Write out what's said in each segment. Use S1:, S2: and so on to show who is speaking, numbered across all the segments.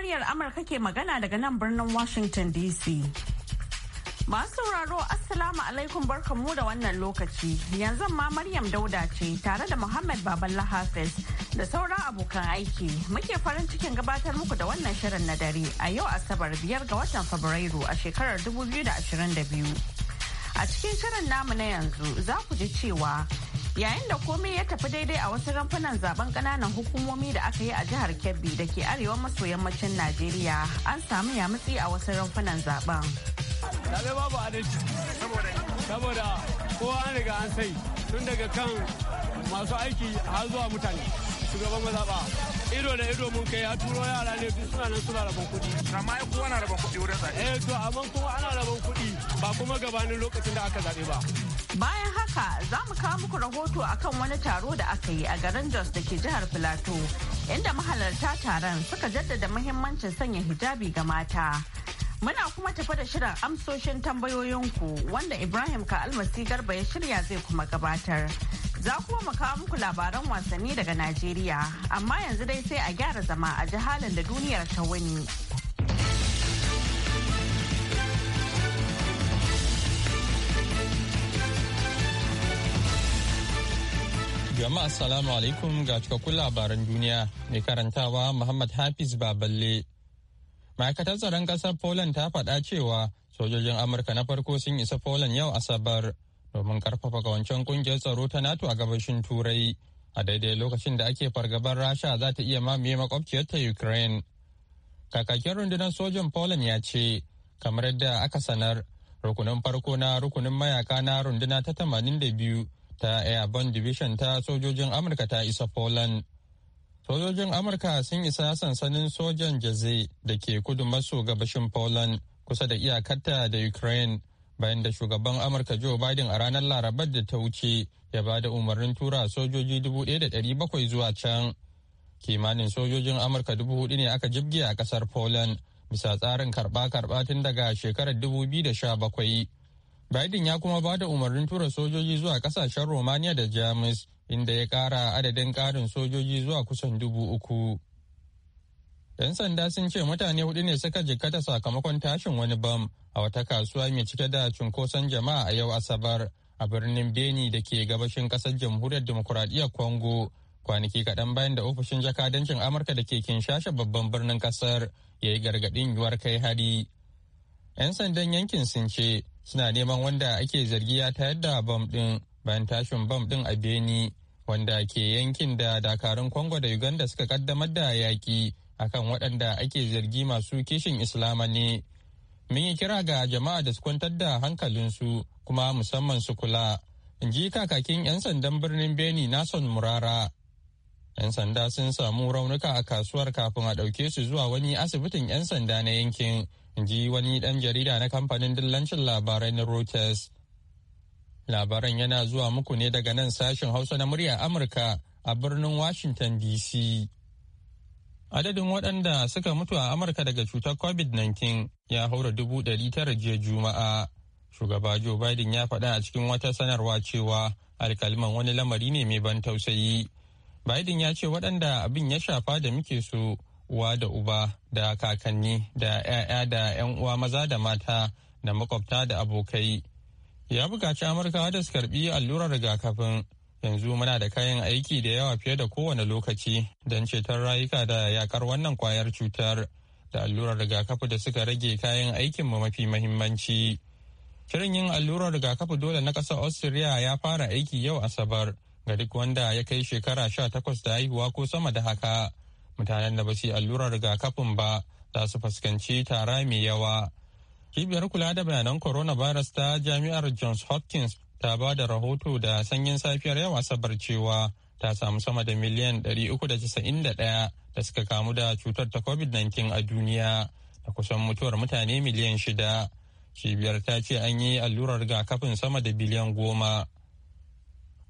S1: muryar Amurka ke magana daga nan birnin Washington DC. Masu sauraro Assalamu alaikum barkamu da wannan lokaci. Yanzu ma Maryam Dauda ce tare da Muhammad Baballa Hafiz da sauran abokan aiki. Muke farin cikin gabatar muku da wannan shirin na dare a yau Asabar biyar ga watan Fabrairu a shekarar 2022. A cikin shirin namu na yanzu za ku ji cewa yayin da komai ya tafi daidai a wasu ranfunan zaben kananan hukumomi da aka yi a jihar kebbi da ke arewa maso yammacin najeriya an samu yamutsi a wasu ranfunan zaben
S2: babu adalci saboda kowa an riga an sai tun daga kan masu aiki har zuwa mutane shugaban mazaɓa ido da ido mun kai ya turo yara ne duk suna nan suna rabon kuɗi amma ai kowa na rabon kuɗi wurin zaɓe eh to amma kuma ana rabon kuɗi ba kuma gabanin lokacin da aka zaɓe ba
S1: Bayan haka za mu kawo muku rahoto akan wani taro da aka yi a garin Jos da ke jihar Filato inda mahalarta taron suka jaddada mahimmancin sanya hijabi ga mata. Muna kuma tafa da shirin amsoshin tambayoyinku wanda Ibrahim ka almasi garba ya shirya zai kuma gabatar. Za kuma mu kawo muku labaran wasanni daga Najeriya, amma yanzu dai sai a gyara zama a jihalin da duniyar ta wuni.
S3: Jama'a salamu alaikum ga cikakkun labaran duniya mai karantawa Muhammad Hafiz Baballe. Ma'aikatar tsaron ƙasar Poland ta faɗa cewa sojojin Amurka na farko sun isa Poland yau Asabar domin karfafa kawancen kungiyar tsaro ta NATO a gabashin Turai a daidai lokacin da ake fargabar Rasha za ta iya mamaye makwabciyar ta Ukraine. Kakakin rundunar sojan Poland ya ce, kamar yadda aka sanar, rukunin farko na rukunin mayaka na runduna ta 82 ta airborne division ta sojojin amurka ta isa poland sojojin amurka sun isa sansanin sojan jaze da ke kudu maso gabashin poland kusa da iyakarta da ukraine bayan da shugaban amurka joe biden a ranar larabar da ta wuce ya ba da umarnin tura sojoji 1,700 zuwa can kimanin sojojin amurka 4,000 ne aka jibge a kasar poland bisa tsarin karba-karba tun daga shekarar 2017 Biden ya kuma ba da umarnin tura sojoji zuwa kasashen Romania da Jamus inda ya ƙara adadin ƙarin sojoji zuwa kusan dubu uku. 'Yan sanda sun ce mutane hudu ne suka jikkata sakamakon tashin wani bam a wata kasuwa mai cike da cunkoson jama'a a yau Asabar a birnin Beni da ke gabashin ƙasar Jamhuriyar Demokuraɗiyyar Congo kwanaki kaɗan bayan da ofishin jakadancin Amurka da ke Kinshasa babban birnin ƙasar ya yi gargaɗin yuwar kai hari. 'Yan sandan yankin sun ce suna neman wanda ake zargi ya tayar da bam din bayan tashin bam din a beni wanda ke yankin da dakarun congo da uganda suka kaddamar da yaƙi akan waɗanda ake zargi masu kishin islama ne mun yi kira ga jama'a da su kwantar da hankalinsu kuma musamman su kula in ji kakakin 'yan sandan birnin beni nason murara 'yan sanda sun samu raunuka a kasuwar kafin a ɗauke su zuwa wani asibitin 'yan sanda na yankin ji wani ɗan jarida na kamfanin dillancin labarai na Reuters. Labaran yana zuwa muku ne daga nan sashen Hausa na murya Amurka a birnin Washington DC. Adadin waɗanda suka mutu a Amurka daga cutar COVID-19 ya haura dubu ɗari tara jiya Juma'a. Shugaba Joe Biden ya faɗa a cikin wata sanarwa cewa alkaliman wani lamari ne mai ban tausayi. Biden ya ce waɗanda abin ya shafa da muke so uwa da uba da kakanni da 'ya'ya da 'yan uwa maza da mata da makwabta da abokai ya bukaci amurkawa da su karbi allurar rigakafin yanzu muna da kayan aiki da yawa fiye da kowane lokaci don ceton rayuka da yakar wannan kwayar cutar da allurar rigakafi da suka rage kayan mu mafi mahimmanci shirin yin allurar rigakafi dole na ƙasar austria ya fara aiki yau asabar ga duk wanda ya kai shekara sha takwas da haihuwa ko sama da haka mutanen da ba su yi allurar rigakafin ba za su fuskanci tara mai yawa cibiyar kula da bayanan coronavirus ta jami'ar johns hopkins ta ba da rahoto da sanyin safiyar yawa sabar cewa ta samu sama da miliyan 391 da suka kamu da cutar ta covid-19 a duniya da kusan mutuwar mutane miliyan shida cibiyar ta ce an yi allurar rigakafin sama da biliyan goma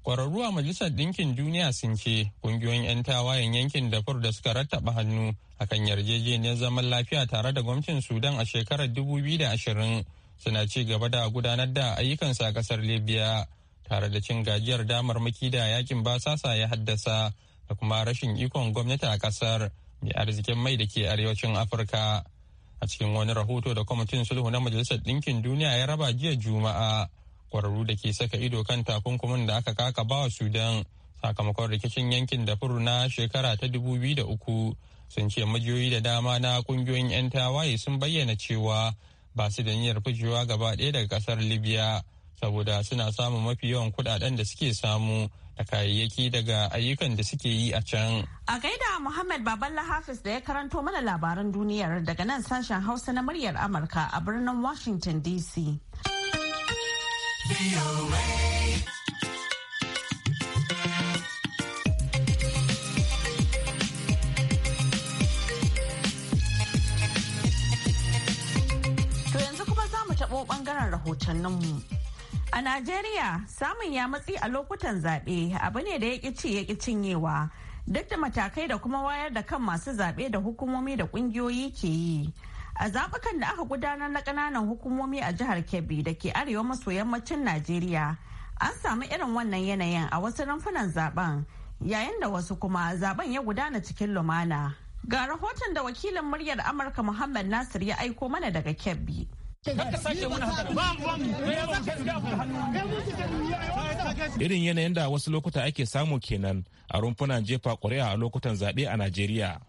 S3: Kwararru a Majalisar Ɗinkin Duniya sun ce ƙungiyoyin 'yan tawayen yankin fur da suka rattaba hannu akan yarjejeniyar zaman lafiya tare da gwamnatin Sudan a shekarar 2020 suna ci gaba da gudanar da ayyukansu a kasar Libya tare da cin gajiyar damarmaki da yakin basasa ya haddasa da kuma rashin ikon gwamnati a ƙasar mai arzikin mai da ke arewacin Afirka. A cikin wani rahoto da kwamitin sulhu na Majalisar Ɗinkin Duniya ya raba jiya Juma'a. kwararru da ke saka ido kan takunkumin da aka kaka bawa sudan sakamakon rikicin yankin da furu na shekara ta uku sun ce majiyoyi da dama na kungiyoyin 'yan tawaye sun bayyana cewa ba su da niyyar fujewa gaba ɗaya daga kasar libya saboda suna samun mafi yawan kuɗaɗen da suke samu da kayayyaki daga ayyukan da suke yi a can.
S1: A gaida Muhammad Baballa Hafiz da ya karanto mana labaran duniyar daga nan sashen Hausa na muryar Amurka a birnin Washington DC. To yanzu kuma ɓangaren rahotanninmu. A Najeriya samun ya matsi a lokutan zaɓe abu ne da ya ci ya cinyewa duk da matakai da kuma wayar da kan masu zaɓe da hukumomi da ƙungiyoyi ke yi. a zabukan da aka gudanar na kananan hukumomi a jihar kebbi da ke arewa maso yammacin najeriya an samu irin wannan yanayin a wasu rumfunan zaben yayin da wasu kuma zaben ya gudana cikin lumana ga rahoton da wakilin muryar amurka muhammad nasir ya aiko mana daga kebbi
S4: Irin
S5: yanayin da wasu lokuta ake samu kenan a rumfunan jefa ƙuri'a a lokutan zaɓe a Najeriya.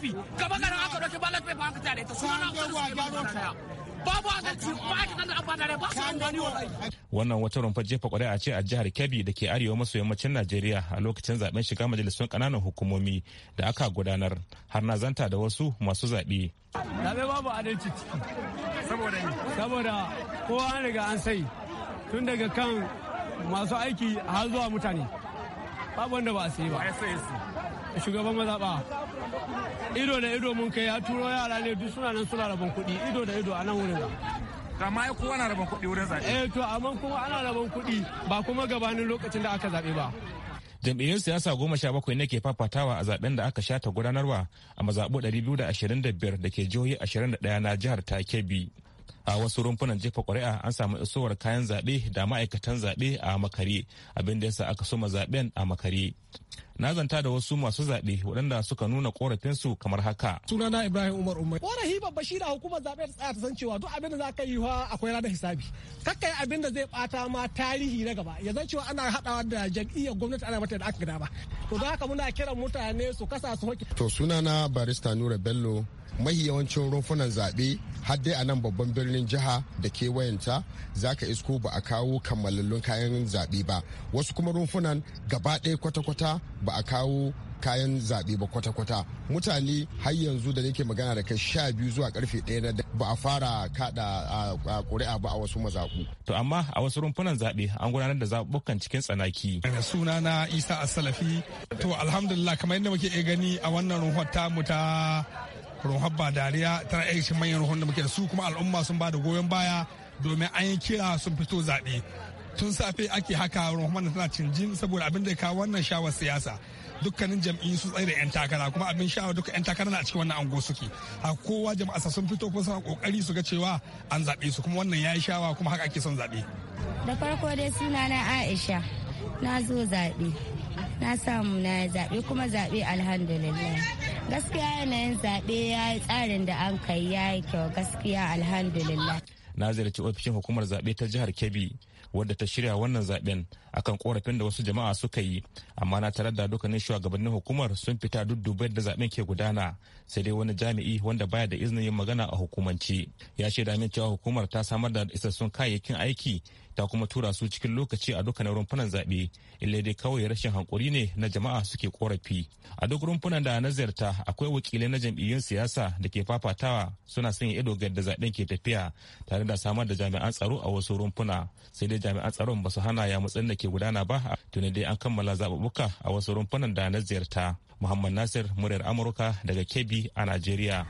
S4: pdp gaba garin ka ɗauki ballot paper
S6: aka tare ta suna na wasu da babu adalci ma'aikatan da an fada da ba su
S5: wannan wata rumfar jefa a ce a jihar kebbi da ke arewa maso yammacin najeriya a lokacin zaben shiga majalisun kananan hukumomi da aka gudanar har na zanta da wasu masu zaɓe.
S2: zaɓe babu adalci ciki saboda saboda kowa an riga an sai tun daga kan masu aiki har zuwa mutane babu wanda ba a sai ba shugaban mazaɓa ido da ido mun kai ya turo yara ne duk suna nan suna rabon kuɗi ido da ido a nan wurin amma ai kowa na rabon kuɗi wurin zaɓe eh to amma kuma ana rabon kuɗi ba kuma gabanin lokacin da aka zaɓe ba
S5: jam'iyyun siyasa goma sha bakwai nake fafatawa a zaben da aka shata gudanarwa a mazaɓu 225 da ke jihohi 21 na jihar ta kebbi a wasu rumfunan jefa ƙuri'a an samu isowar kayan zaɓe da ma'aikatan zaɓe a makare abin da yasa aka soma zaɓen a makare na zanta da wasu masu zaɓe waɗanda suka nuna ƙorafinsu kamar haka.
S2: Sunana Ibrahim Umar Umar. Ƙorafi babba shi da hukumar zaɓe ta tsaya ta san cewa duk abin da za ka yi wa akwai ranar hisabi. Kakkai abin da zai ɓata ma tarihi na gaba. Ya zan cewa ana haɗawa da jam'iyyar gwamnati ana mata da aka gada ba. To don haka muna kiran mutane su kasa su hoki. To sunana Barista Nura Bello mahi yawancin rumfunan zaɓe har dai a nan babban birnin jiha da kewayenta za ka isko ba a kawo kammalallun kayan zaɓe ba wasu kuma rumfunan gaba ɗaya kwata-kwata ba a kawo kayan zaɓe ba kwata-kwata mutane har yanzu da nake magana da kai sha biyu zuwa karfe ɗaya na ba a fara kada ƙuri'a ba a wasu mazaɓu.
S5: to amma a wasu rumfunan zaɓe an gudanar da zaɓuɓɓukan cikin tsanaki. suna na isa asalafi
S7: to alhamdulillah kamar yadda muke gani a wannan rumfar tamu ta rohabba dariya tana ɗaya manyan ruhun da muke da su kuma al'umma sun ba da goyon baya domin an yi kira sun fito zaɓe tun safe ake haka rohman tana cinjin saboda abin da ya kawo wannan shawar siyasa dukkanin jam'i su tsaye da 'yan takara kuma abin sha'awa duka 'yan takara na cikin wannan ango suke a kowa jama'a sun fito kuma suna kokari su ga cewa an zaɓe su kuma wannan yayi sha'awa kuma haka ake son zaɓe
S4: da farko dai suna na aisha na zo zaɓe na samu na zaɓe kuma zaɓe alhamdulillah gaskiya yanayin zaɓe ya yi tsarin da an kai ya yi kyau gaskiya alhamdulillah
S5: na ziyarci ofishin hukumar zaɓe ta jihar kebbi wadda ta shirya wannan zaɓen akan korafin da wasu jama'a suka yi amma na tarar da dukkanin shugabannin hukumar sun fita duddubar da zaben ke gudana sai dai wani jami'i wanda baya da izinin yin magana a hukumance ya shaida min cewa hukumar ta samar da isassun kayayyakin aiki ta kuma tura su cikin lokaci a dukkanin rumfunan zaɓe ille dai kawai rashin hankuri ne na jama'a suke korafi a duk rumfunan da na ziyarta akwai wakilai na jam'iyyun siyasa da ke fafatawa suna sanya ido ga yadda zaɓen ke tafiya tare da samar da jami'an tsaro a wasu rumfuna sai dai jami'an tsaron ba su hana ya matsin da ke ke gudana ba tuni dai an kammala zaɓuɓɓuka a wasu rumfunan da na ziyarta muhammad nasir muryar amurka daga kebbi a najeriya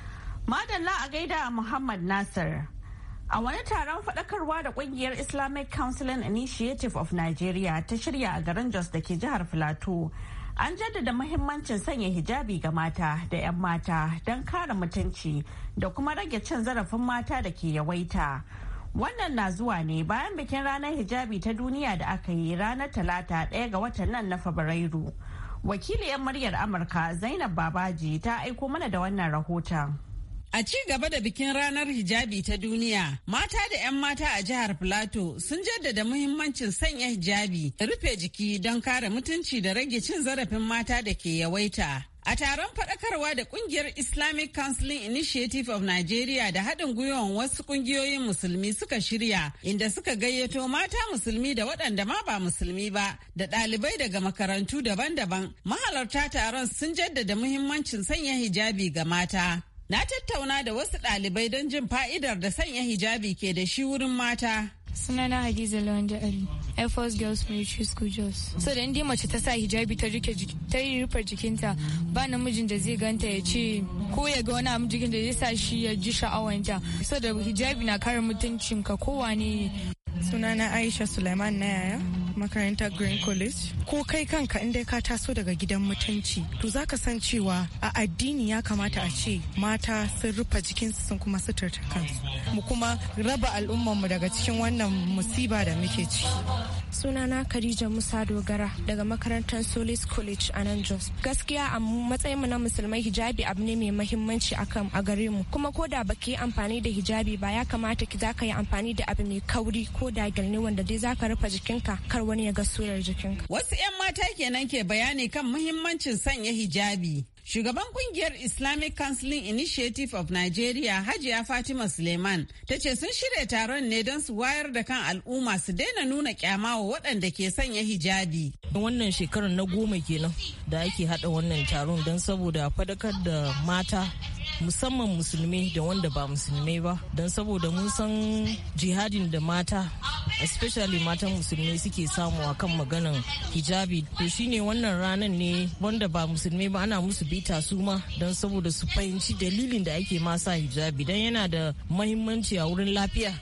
S1: madalla a gaida muhammad nasir a wani taron faɗakarwa da ƙungiyar islamic counseling initiative of nigeria ta shirya a garin jos da ke jihar filato an jaddada mahimmancin sanya hijabi ga mata da 'yan mata don kare mutunci da kuma rage cin zarafin mata da ke yawaita Wannan na zuwa ne bayan bikin ranar hijabi ta duniya da aka yi ranar talata ɗaya ga watan nan na Fabrairu. Wakiliyar muryar Amurka Zainab Babaji ta aiko mana da wannan rahoton. A ci gaba da bikin ranar hijabi ta duniya, mata da 'yan mata a jihar Filato sun
S6: jaddada muhimmancin sanya hijabi rufe jiki don kare mutunci da rage cin zarafin mata da ke yawaita. A taron faɗakarwa da ƙungiyar Islamic Counseling Initiative of Nigeria da haɗin gwiwan wasu ƙungiyoyin musulmi suka shirya inda suka gayyato mata musulmi da waɗanda ma ba musulmi ba da ɗalibai daga makarantu daban-daban. Mahalarta taron sun jaddada muhimmancin sanya hijabi ga mata. Na tattauna da wasu ɗalibai don jin fa'idar da sanya hijabi ke da shi wurin mata. sunana hadiza
S1: lawanda ali air force girls military school jos so da dai mace ta sa hijabi ta rike ta rufe jikinta ba namijin da zai ganta ya ce ko ya ga wani jikin da zai sa shi ya ji sha'awanta so da hijabi na kare mutuncin ka kowane ne sunana aisha suleiman na yaya
S6: makarantar green college ko kai kanka inda ka taso daga gidan mutunci to za ka san cewa a addini ya kamata a ce mata sun rufe jikinsu sun kuma suturta kansu mu kuma raba al'ummarmu daga cikin wannan musiba da
S1: muke ciki sunana Khadija Musa Dogara daga makarantar Solis College a nan Jos. Gaskiya a matsayin mu na musulmai hijabi abu ne mai mahimmanci akan a gare mu. Kuma ko da baki amfani da hijabi ba ya kamata ki za ka yi amfani da abu mai kauri ko ko da wanda dai zaka rufe jikinka kar wani ya ga surar jikinka wasu 'yan mata kenan ke bayani kan
S6: muhimmancin sanya hijabi Shugaban kungiyar Islamic Counseling Initiative of Nigeria Hajiya Fatima Suleiman ta ce sun shirya taron ne don su wayar da kan al'umma su daina nuna kyama wa waɗanda ke sanya hijabi. Wannan shekarar na goma kenan da ake haɗa wannan taron don saboda fadakar da mata musamman musulmi da wanda ba musulmi ba don saboda mun san jihadin da mata especially matan musulmi suke samu a kan maganan hijabi to shine wannan ranan ne wanda ba musulmi ba ana musu bita su ma don saboda su fahimci dalilin da ake masa hijabi don yana da mahimmanci a wurin lafiya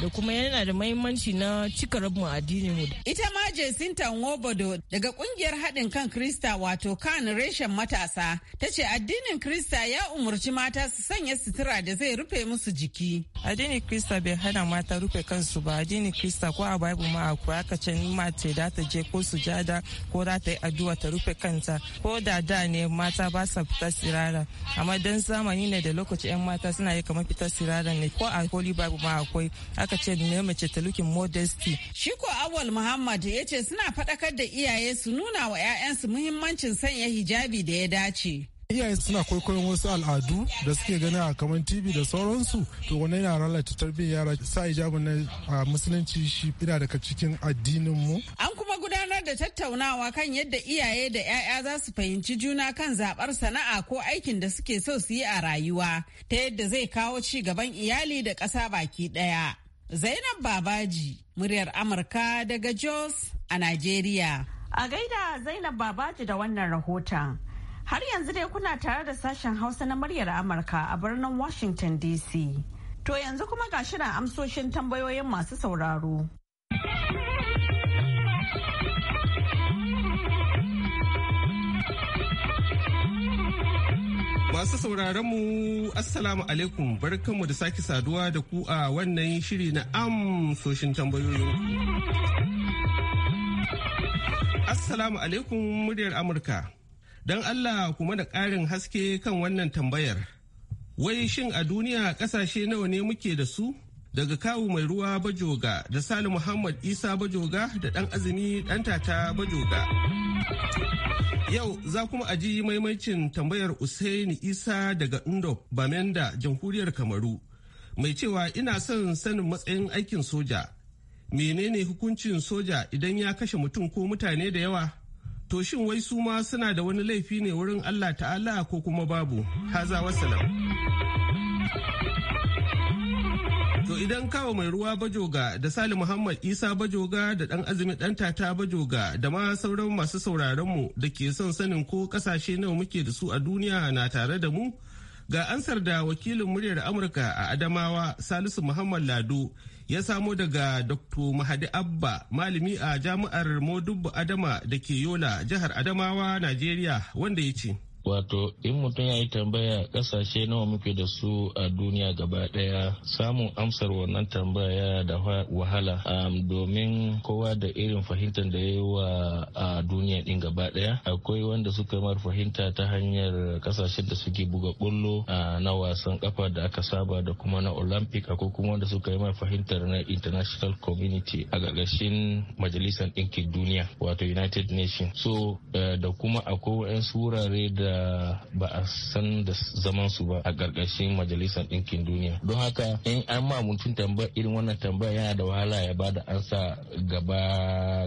S6: da kuma yana da mahimmanci na cika rabin addinin mu. Ita ma Jacinta Nwobodo daga kungiyar haɗin kan Krista wato kan reshen matasa ta ce addinin Krista ya umurci mata su sanya sutura da zai rufe musu jiki. Addinin Krista bai hana mata rufe kansu ba addinin Krista ko a Bible ma akwai aka ce mace da ta je ko sujada ko za ta yi addu'a ta rufe kanta ko da da ne mata ba sa fita sirara amma dan zamani ne da lokaci 'yan mata suna yi kamar fita sirara ne ko a Holy Bible ma akwai aka ce ne mace talukin modesty. Shiko Awal Muhammad ya ce suna faɗakar da iyaye su nuna wa 'ya'yansu muhimmancin sanya hijabi da ya dace.
S2: iyaye suna kwaikwayon wasu al'adu da suke gani a kamar tv da sauransu to wani yana lalata tarbiyyar yara sa hijabin na a musulunci shi ina daga cikin addinin mu
S6: an kuma gudanar da tattaunawa kan yadda iyaye da 'ya'ya za su fahimci juna kan zabar sana'a ko aikin da suke so su yi a rayuwa ta yadda zai kawo ci gaban iyali da ƙasa baki ɗaya Zainab Babaji, muryar
S1: Amurka daga Jos a Najeriya. A gaida Zainab Babaji da wannan rahoton. Har yanzu dai kuna tare da sashen Hausa na muryar Amurka a birnin Washington DC. To yanzu kuma ga shirin amsoshin tambayoyin masu sauraro.
S2: Masu sauraron mu Assalamu alaikum barkanmu da sake saduwa da ku a wannan shiri na amsoshin tambayoyin. Assalamu alaikum muryar Amurka. Don Allah kuma da ƙarin haske kan wannan tambayar. Wai shin a duniya ƙasashe nawa ne muke da su? daga kawu mai ruwa bajoga da sani muhammad isa bajoga da dan azumi dan tata bajoga yau za kuma aji maimaicin tambayar usaini isa daga indo bamenda jamhuriyar kamaru mai cewa ina son sanin matsayin aikin soja menene hukuncin soja idan ya kashe mutum ko mutane da yawa to shin wai su ma suna da wani laifi ne wurin allah ta'ala ko kuma babu haza wasalam idan kawo mai ruwa bajoga da sali muhammad isa bajoga da dan azumi dan tata bajoga da ma sauran masu sauraron mu da ke son sanin ko kasashe nawa muke da su a duniya na tare da mu ga ansar da wakilin muryar amurka a adamawa salisu muhammad lado ya samo daga dr mahadi abba malami a jami'ar modubu adama da ke yola jihar adamawa Nigeria, wanda ya ce
S8: wato in mutum ya yi tambaya ƙasashe nawa muke da su a duniya gaba ɗaya samun amsar wannan tambaya da wahala um, domin kowa da irin fahimtar da ya yi wa a duniya din gaba daya akwai wanda suka mar fahimta ta hanyar kasashen da suke buga bullo na wasan kafa da aka saba da kuma na olympic akwai kuma wanda suka yi mar fahimtar na international community a gargashin majalisar ɗinkin duniya wato united nations so eh, da kuma akwai wa'yan wurare da da ba a san da zaman su ba a ƙarƙashin majalisar ɗinkin duniya don haka in an ma mutum tambaya irin wannan tambaya yana da wahala ya ba da ansa gaba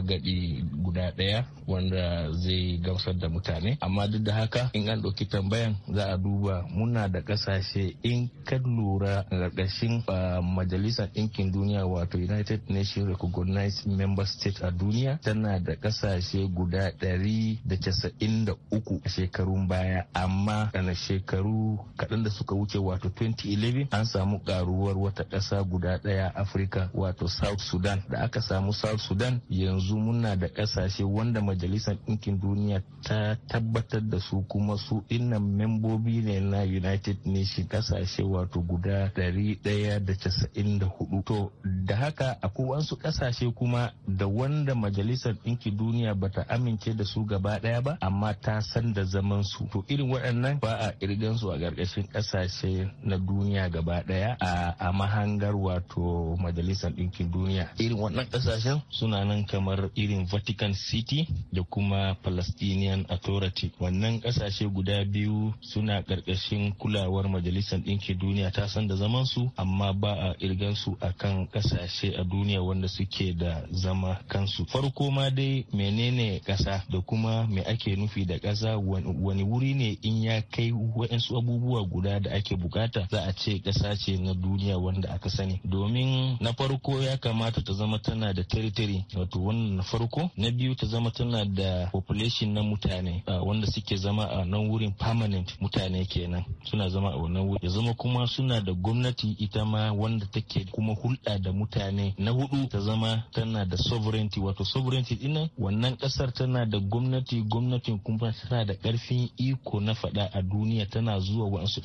S8: gadi guda ɗaya wanda zai gamsar da mutane amma duk da haka in an ɗauki tambayan za a duba muna da ƙasashe in ka lura ƙarƙashin majalisar ɗinkin duniya wato united nations recognized member state a duniya tana da ƙasashe guda ɗari da casa'in da uku a shekarun baya baya amma daga shekaru kaɗan da suka wuce wato 2011 an samu karuwar wata ƙasa guda ɗaya afirka wato south sudan da aka samu south sudan yanzu muna da ƙasashe wanda majalisar ɗinkin duniya ta tabbatar da su kuma su innan membobi ne na united nation ƙasashe wato guda 194 to da haka akwai wasu ƙasashe kuma da wanda majalisar ɗinkin duniya bata amince da su gaba ɗaya ba amma ta san da zaman su to irin waɗannan ba a irgan su a ƙarƙashin ƙasashe na duniya gaba ɗaya a mahangar wato majalisar ɗinkin duniya irin waɗannan ƙasashen suna nan kamar irin vatican city da kuma palestinian authority wannan ƙasashe guda biyu suna ƙarƙashin kulawar majalisar ɗinkin duniya ta san da zaman su amma ba a irgan su kan ƙasashe a duniya wanda suke da zama kansu farko ma dai menene ƙasa da kuma me ake nufi da ƙasa wani wuri ne in ya kai waɗansu abubuwa guda da ake bukata za a ce ƙasa ce na duniya wanda aka sani domin na farko ya kamata ta zama tana da territory wato wannan na farko na biyu ta zama tana da population na mutane wanda suke zama a nan wurin permanent mutane kenan suna zama a wannan wuri ya zama kuma suna da gwamnati ita ma wanda take kuma hulɗa da mutane na hudu ta zama tana da sovereignty wato sovereignty dinnan wannan ƙasar tana da gwamnati gwamnatin kuma tana da ƙarfin iko na faɗa a duniya tana zuwa wasu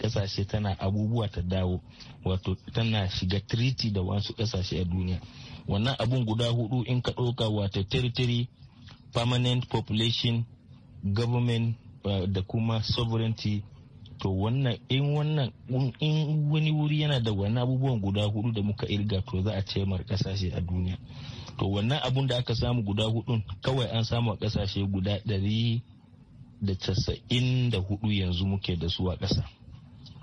S8: ƙasashe tana abubuwa ta dawo wato tana shiga triti da wasu ƙasashe a duniya wannan abun guda hudu in ka ɗauka wato territory permanent population government eh, da kuma sovereignty to wannan in wannan in wani wuri yana da wani abubuwan guda hudu da muka irga to za a ce mar kasashe a duniya to wannan abun da aka samu guda hudun kawai an samu a kasashe guda ɗari da casa'in da hudu yanzu muke da su a kasa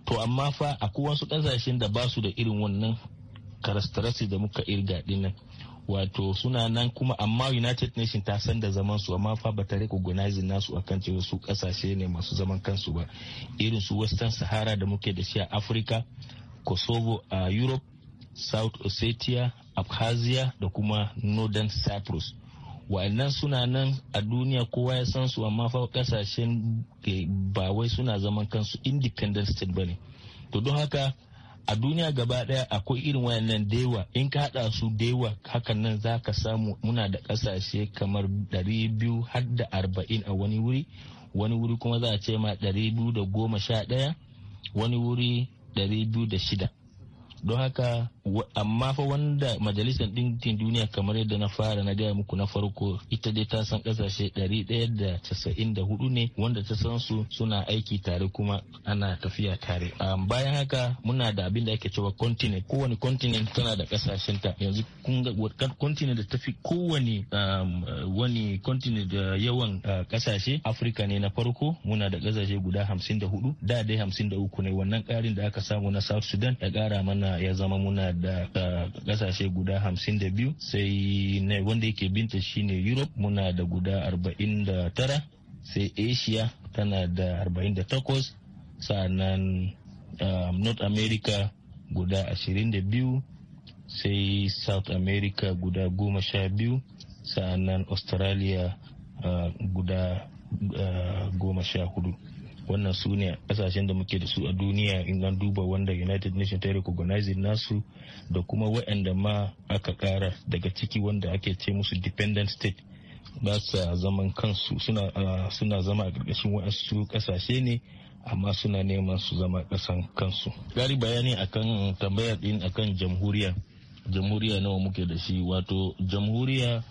S8: to amma fa akwai wasu ƙasashen da ba su da irin wannan karastarasi da muka irga dinnan wato suna nan kuma amma united nation ta san da zaman su amma fa bata recognize nasu akan cewa su kasashe ne masu zaman kansu ba irin su western sahara da muke da shi a africa kosovo a europe south ossetia abkhazia da kuma northern cyprus wa'annan suna nan a duniya kowa ya san su amma fa kasashen ba wai suna zaman kansu independent state bane to don haka a duniya gaba daya akwai irin wayannan dewa in ka hada su dewa hakan nan za ka samu muna da kasashe kamar 200 har da 40 a wani wuri wani wuri kuma za a ce ma 211 wani wuri 206 don haka amma fa wanda majalisar ɗinkin duniya kamar yadda na fara na gaya muku na farko ita dai ta san ƙasashe 194 ne wanda ta san su suna aiki tare kuma ana tafiya tare um, bayan haka muna da abin da ake cewa continent kowane continent tana da ƙasashen ta yanzu kun ga continent da tafi kowane um, wani continent da yawan ƙasashe ne na farko muna da ƙasashe guda 54 da dai 53 ne wannan ƙarin da aka samu na south sudan ya ƙara mana ya zama muna da kasashe guda hamsin da biyu sai wanda yake binta shine europe muna da guda arba'in da tara sai asia tana da arba'in da takwas sa'annan um, north america guda ashirin da biyu sai south america guda goma sha biyu sa'annan australia uh, guda uh, goma sha hudu wannan su ne kasashen da muke da su a duniya in an duba wanda united nations ta recognize nasu da kuma waɗanda ma aka kara daga ciki wanda ake ce musu dependent state ba sa zaman kansu suna zama a ƙarƙashin wasu kasashe ne amma suna neman su zama ƙasan kansu gari bayani akan tambayar din akan jamhuriya jamhuriya nawa muke da shi wato jamhuriya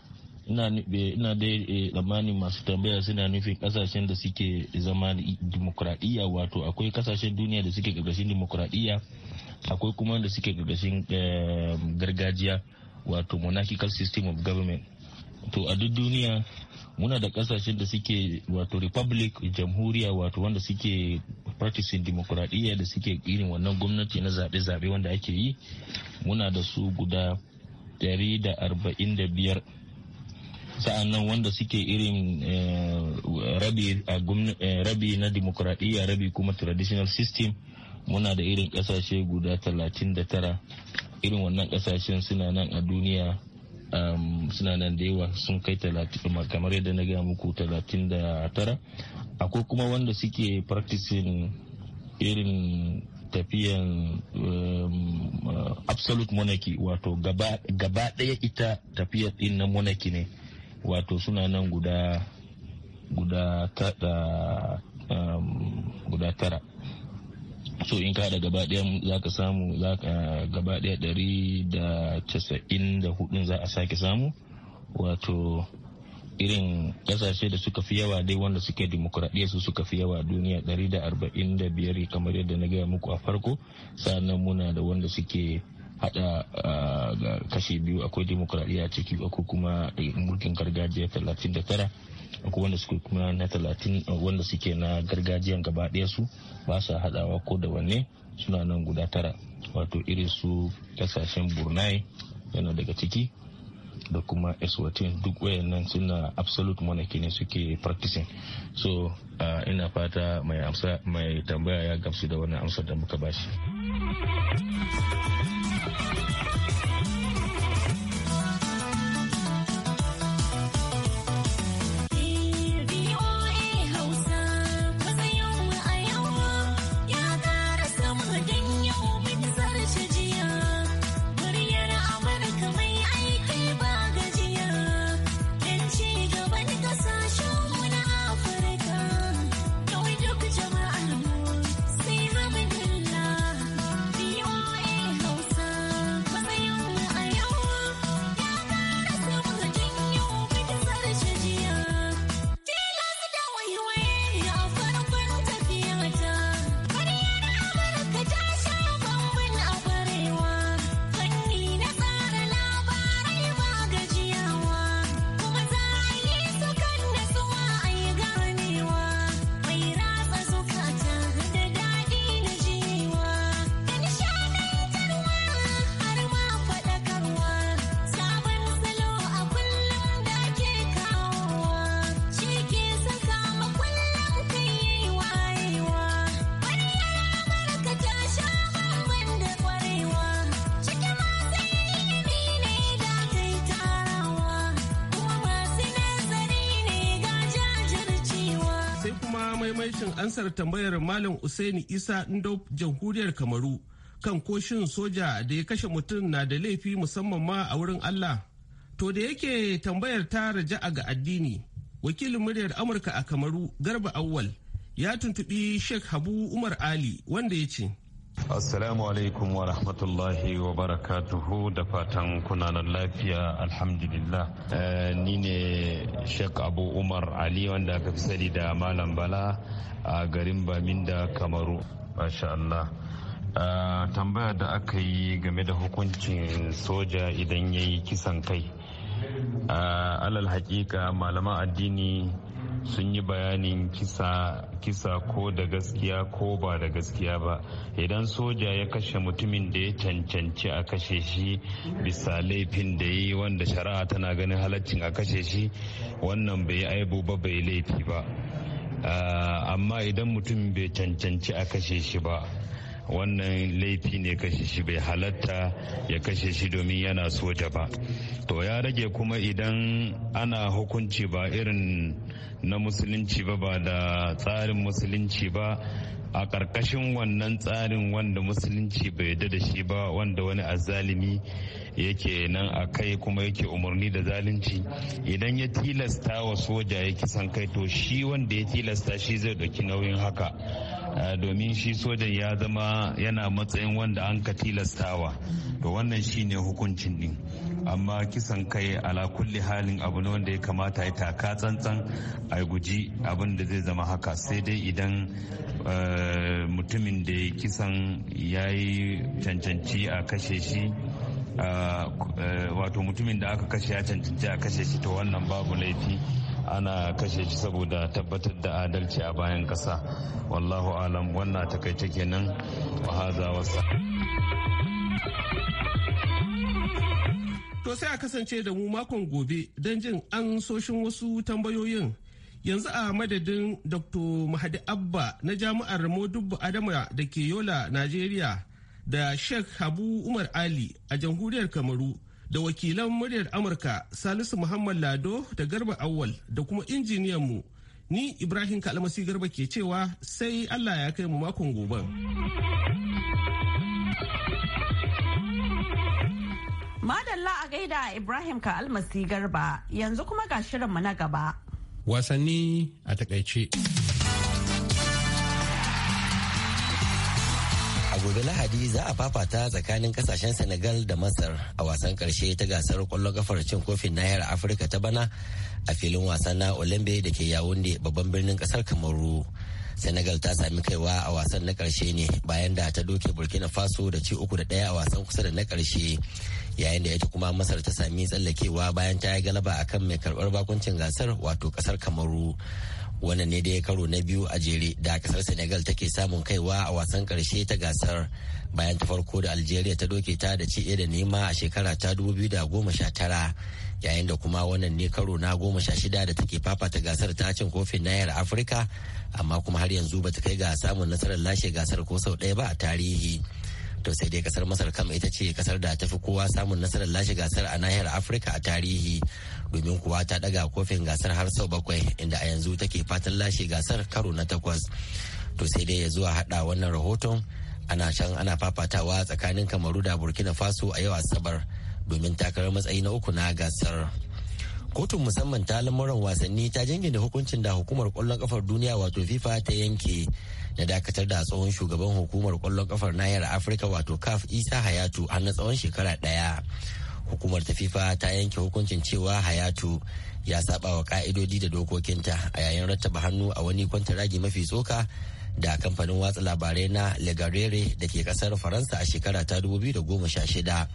S8: ina da e, tsammanin masu tambaya suna nufin kasashen da suke zama dimokuraɗiyya wato akwai kasashen duniya da suke gargashin dimokuraɗiyya akwai kuma da suke gargashin ehm, gargajiya wato monarchical system of government to a duk duniya muna da kasashen da suke wato republic jamhuriya wato wanda suke practicing demokuraɗiyya da suke irin wannan gwamnati na zaɓe-zaɓe wanda ake yi muna da su guda 145 nan wanda suke irin eh, eh, rabi na demokradiyya rabi kuma traditional system muna da irin kasashe guda 39 irin wannan kasashen suna nan a duniya suna nan da yawa sun kai kamar yadda na gaya muku 39 akwai kuma wanda suke practicing irin tafiyan absolute monarchy wato gaba ɗaya ita tafiyar ɗin na monarchy ne wato suna nan guda guda tada um, guda tara so in ka hada gaba daya za ka samu gaba daya dari da casa'in da hudun za a sake samu wato irin kasashe da suka fi yawa dai wanda suke demokuraɗiyya su suka fi yawa duniya da da arba'in biyar kamar yadda na gaya muku a farko sannan muna da wanda suke hada ah, kashi biyu akwai demokradiyya ciki akwai kuma eh, mulkin gargajiya 39 akwai wanda suke kuma na talatin ah, wanda suke na gargajiyan gaba ɗaya su ba su hadawa ko da wanne suna nan guda tara wato irin su kasashen burnai yana daga ciki da kuma eswatin duk nan suna absolute monarchy ne suke practicing so ah, ina fata mai tambaya ya gamsu da wannan amsar da muka bashi.
S2: ansar tambayar malam usaini isa ndo jamhuriyar kamaru kan koshin soja da ya kashe mutum na da laifi musamman ma a wurin allah to da yake tambayar ta raja'a ga addini wakilin muryar amurka a kamaru garba awwal ya tuntubi sheikh habu umar ali wanda ya ce Assalamu
S7: alaikum wa rahmatullahi wa barakatuhu da fatan kunanan lafiya alhamdulillah. Eh, ni ne Sheikh Abu Umar Ali wanda aka fi sani da Malam Bala a garin Baminda Kamaru. Masha Allah. Eh, tambaya da aka yi game da hukuncin soja idan yayi kisan kai. Eh, alal hakika malaman addini sun yi bayanin kisa kisa ko da gaskiya ko ba da gaskiya ba idan soja ya kashe mutumin da ya cancanci a kashe shi bisa laifin da yi wanda shari'a tana ganin halaccin a kashe shi wannan bai aibu ba bai laifi ba ah, amma idan mutum bai cancanci a kashe shi ba wannan laifi ne kashe shi bai halatta ya kashe shi domin yana soja ba to ya rage kuma idan ana hukunci ba irin na musulunci ba ba da tsarin musulunci ba a ƙarƙashin wannan tsarin wanda musulunci bai da shi ba wanda wani azalimi yake nan a kai kuma yake umarni da zalunci idan ya tilasta wa soja ya kisan kai to shi wanda ya tilasta shi zai ɗauki nauyin haka Ah, domin shi sojan ya zama yana matsayin wanda an ka tilastawa to wannan shi ne hukuncin din amma kisan kai ala kulli halin abu ne wanda ya kamata ya taka tsantsan a guji abin da zai zama haka sai dai idan eh, mutumin da ya kisan ya yi cancanci a kashe shi ah, eh, wato mutumin da aka kashe ya cancanci a kashe shi to wannan babu laifi ana kashe shi saboda tabbatar da adalci a bayan kasa wallahu alam wannan takaice kenan wa haza wasa
S2: to sai a kasance da mu makon gobe don jin an soshin wasu tambayoyin yanzu a madadin dr mahadi abba na jami'ar modubu adama da ke yola najeriya da sheikh habu umar ali a jamhuriyar kamaru da wakilan muryar Amurka Salisu Muhammad Lado da Garba Awal da kuma injiniyan mu ni Ibrahim Kalmasi Garba ke cewa sai Allah ya kai mu makon gobe.
S1: Madalla a gaida Ibrahim Kalmasi Garba yanzu kuma ga shirinmu na gaba.
S3: Wasanni a takaice.
S4: gobe lahadi za a fafata tsakanin kasashen senegal da masar a wasan karshe ta gasar kwallon kafar cin kofin nahiyar afirka ta bana a filin wasan na olambe da ke yawunde babban birnin kasar kamaru senegal ta sami kaiwa a wasan na karshe ne bayan da ta doke burkina faso da ci uku da daya a wasan kusa da na karshe yayin da ita kuma masar ta sami tsallakewa bayan ta yi galaba akan mai karbar bakuncin gasar wato kasar kamaru wannan ne da ya karo na biyu a jere da kasar senegal take samun kaiwa a wasan karshe ta gasar bayan ta farko da algeria ta doke ta da ci da nema a shekara ta 2019 yayin da kuma wannan ne karo na goma sha shida da take fafata gasar ta cin kofin nayar afirka amma kuma har yanzu ba ta kai ga samun nasarar lashe gasar ko sau ɗaya ba a tarihi to sai dai kasar masar kama ita ce kasar da ta fi kowa samun nasarar lashe gasar a nahiyar afirka a tarihi domin kuwa ta daga kofin gasar har sau bakwai inda a yanzu take fatan lashe gasar karo na takwas to sai dai ya zuwa hada wannan rahoton ana can ana fafatawa tsakanin kamaru da burkina faso a yau asabar domin takarar matsayi na uku na gasar kotun musamman ta lamuran wasanni ta jingina hukuncin da hukumar kwallon kafar duniya wato fifa ta yanke na dakatar da tsohon shugaban hukumar kwallon kafar nahiyar afirka wato caf isa hayatu har na tsawon shekara daya hukumar ta fifa ta yanke hukuncin cewa hayatu ya saba wa ka'idodi da dokokinta a yayin rattaba hannu a wani kwantaragi mafi tsoka da kamfanin watsa labarai na legarere da ke kasar faransa a shekara ta 2016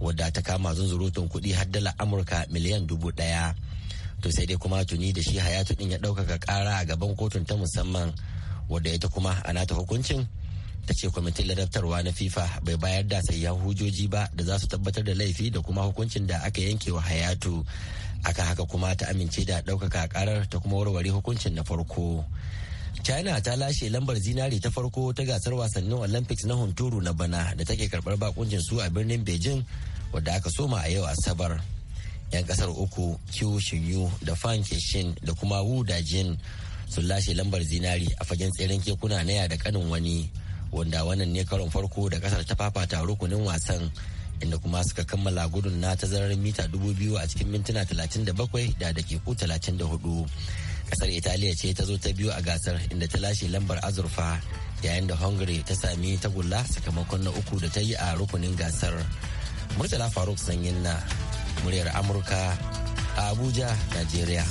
S4: wadda ta kama zunzurutun kuɗi har dala amurka miliyan dubu ɗaya to sai dai kuma tuni da shi hayatu din ya ɗaukaka ƙara a gaban kotun ta musamman wadda ita kuma a nata hukuncin ta ce kwamitin ladabtarwa na fifa bai bayar da sayan hujoji ba da za su tabbatar da laifi da kuma hukuncin da aka yanke wa hayatu aka haka kuma ta amince da ɗaukaka karar ta kuma warware hukuncin na farko china ta lashe lambar zinari ta farko ta gasar wasannin olympics na hunturu na bana da take karbar bakuncin su a birnin beijing wadda aka soma a yau asabar yan kasar uku qiu shinyu da fan kishin da kuma wu jin sun lashe lambar zinari a fagen tseren kekuna na yada da kanin wani wanda wannan ne karon farko da kasar ta fafata rukunin wasan inda kuma suka kammala gudun na tazarar mita dubu biyu a cikin mintuna 37 da dakiku hudu kasar italiya ce ta zo ta biyu a gasar inda ta lashe lambar azurfa yayin da hungary ta sami tagulla sakamakon na uku da ta yi a rukunin gasar murtala faruk sanyin na muryar amurka a abuja nigeria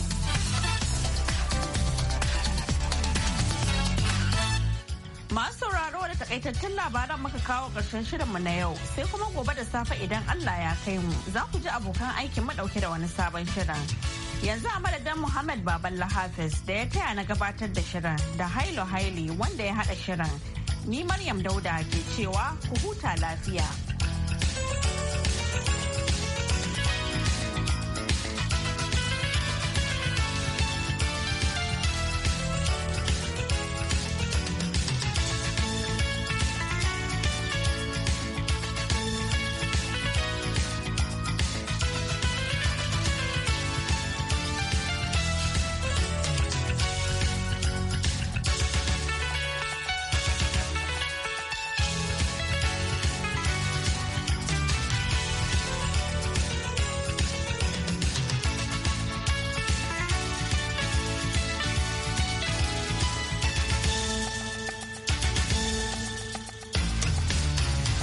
S1: takaitattun labaran muka kawo ƙarshen shirinmu na yau sai kuma gobe da safe idan Allah ya kai mu za ku ji abokan aikin madauke da wani sabon shirin. Yanzu a madadin Muhammad Baballa Hafiz da ya taya na gabatar da shirin da Hailo Haili wanda ya haɗa shirin. Ni Maryam Dauda ke cewa ku huta lafiya.